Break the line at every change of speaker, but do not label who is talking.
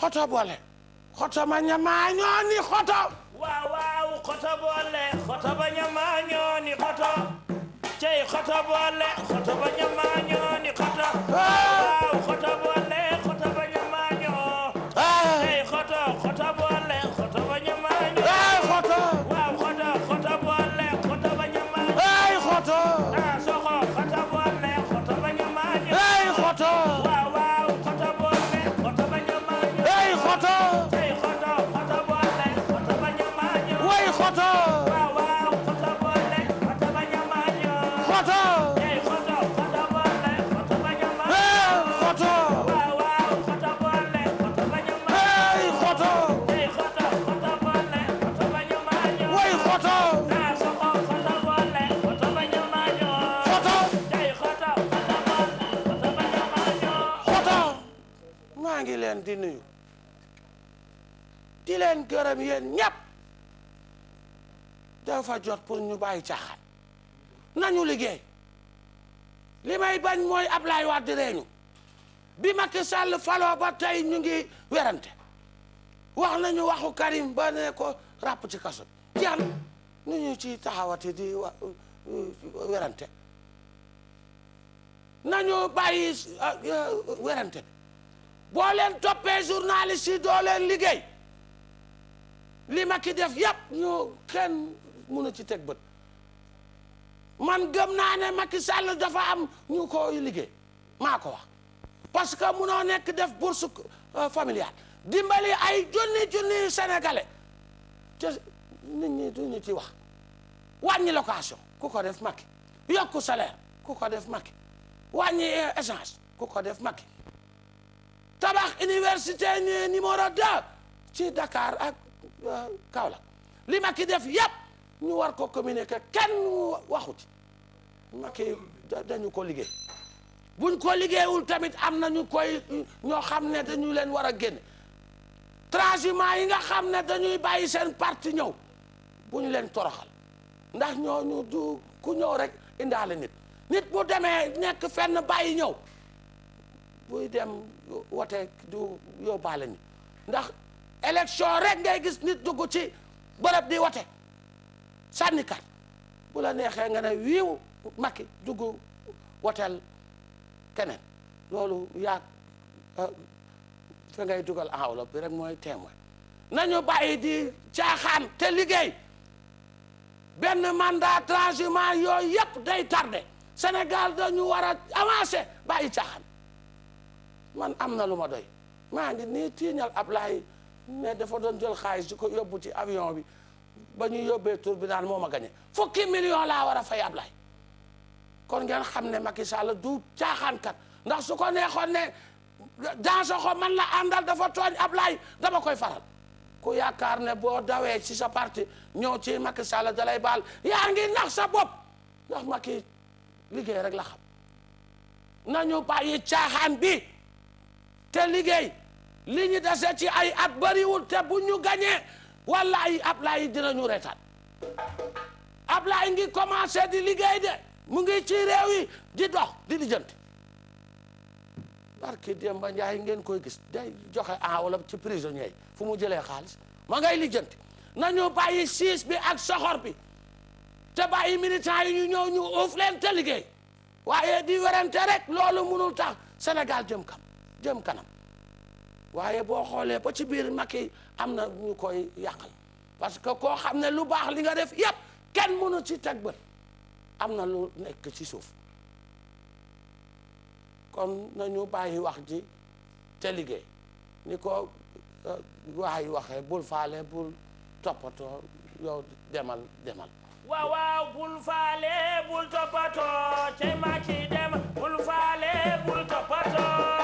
xoto boole xoto ma ñamaa ñoo ni xoto waaw waaw xoto boole xoto ba ñamaa ñoo ni xoto cey xoto boole xoto ba ñamaa ñoo ni maa ngi leen di nuyu di leen gërëm yéen ñépp dafa jot pour ñu bàyyi caaxaan nañu liggéey li may bañ mooy Ablaye Wade reeñu bi Macky Sall faloo ba tey ñu ngi werante wax nañu waxu Karim ba ne ko ràpp ci kaso bi jeex nu ñu ci taxawati di uh, werante nañu bàyyi uh, werante boo leen toppee journaliste yi doo leen liggéey li Macky def yëpp ñu kenn mun a ci teg bët man gëm naa ne Macky Sall dafa am ñu ko liggéey maa ko wax parce que munoo nekk def bourse euh, familiale dimbali ay junni junni sénégalais te nit ñi duñu ci wax wàññi location ku ko def Macky yokku salaire ku ko def Macky wàññi échange euh, ku ko def Macky tabax université numéro 2 ci Dakar ak euh, Kaolack li Macky def yëpp ñu war ko communiquer kenn waxu ci dañu ko liggéey buñ ko liggéeyul tamit am na ñu koy ñoo xam ne dañu leen war a génn transhumants yi nga xam ne dañuy bàyyi seen parti ñëw bu leen toroxal ndax ñooñu du ku ñëw rek indaale nit nit bu demee nekk fenn bàyyi ñëw buy dem wote du yóbbaale nit ndax élection rek ngay gis nit dugg ci bërëb di wote sànni kat bu la neexee nga ne wiiw Macky dugg woteel keneen loolu yaag euh, fi ngay dugal enveloppe bi rek mooy témoin nañu bàyyi di caaxaan te liggéey benn mandat transhumant yooyu yëpp day tardé Sénégal dañu war a avancer bàyyi caaxaan man am na lu ma doy maa ngi nii tiiñal Ablaye mais dafa doon jël xaalis di ko yóbbu ci avion bi ba ñu yóbbee tur bi naan moo ma gagné fukki million laa war a fay Ablaye kon ngeen xam ne Macky Sall du caaxaankat ndax su ko neexoon ne Dansokho man la àndal dafa tooñ Ablaye dama koy faral ku yaakaar ne boo dawee ci sa parti ñëw ci Macky Sall dalay baal yaa ngi nax sa bopp ndax Macky liggéey rek la xam nañu bàyyi caaxaan bi te liggéey li ñu dese ci ay at bariwul te bu ñu gañee wallaay Ablaye dinañu reetaan Ablaye ngi commencé di liggéey de mu ngi ci réew yi di dox di lijjanti barki Demba Njaay ngeen koy gis day joxe enveloppe ci prisonnier yi fu mu jëlee xaalis ma ngay lijjanti nañu bàyyi siis bi ak soxor bi te bàyyi militants yi ñu ñëw ñu uuf leen liggéey waaye di werante rek loolu mënul tax Sénégal jëm kam jëm kanam waaye boo xoolee ba ci biir Macky am na ñu koy yàqal parce que koo xam ne lu baax li nga def yëpp kenn mënu ci teg bët am na lu nekk ci suuf kon nañu bàyyi wax ji te liggéey ni ko euh, waay waxee bul faale bul toppatoo yow demal demal bul faale bul toppatoo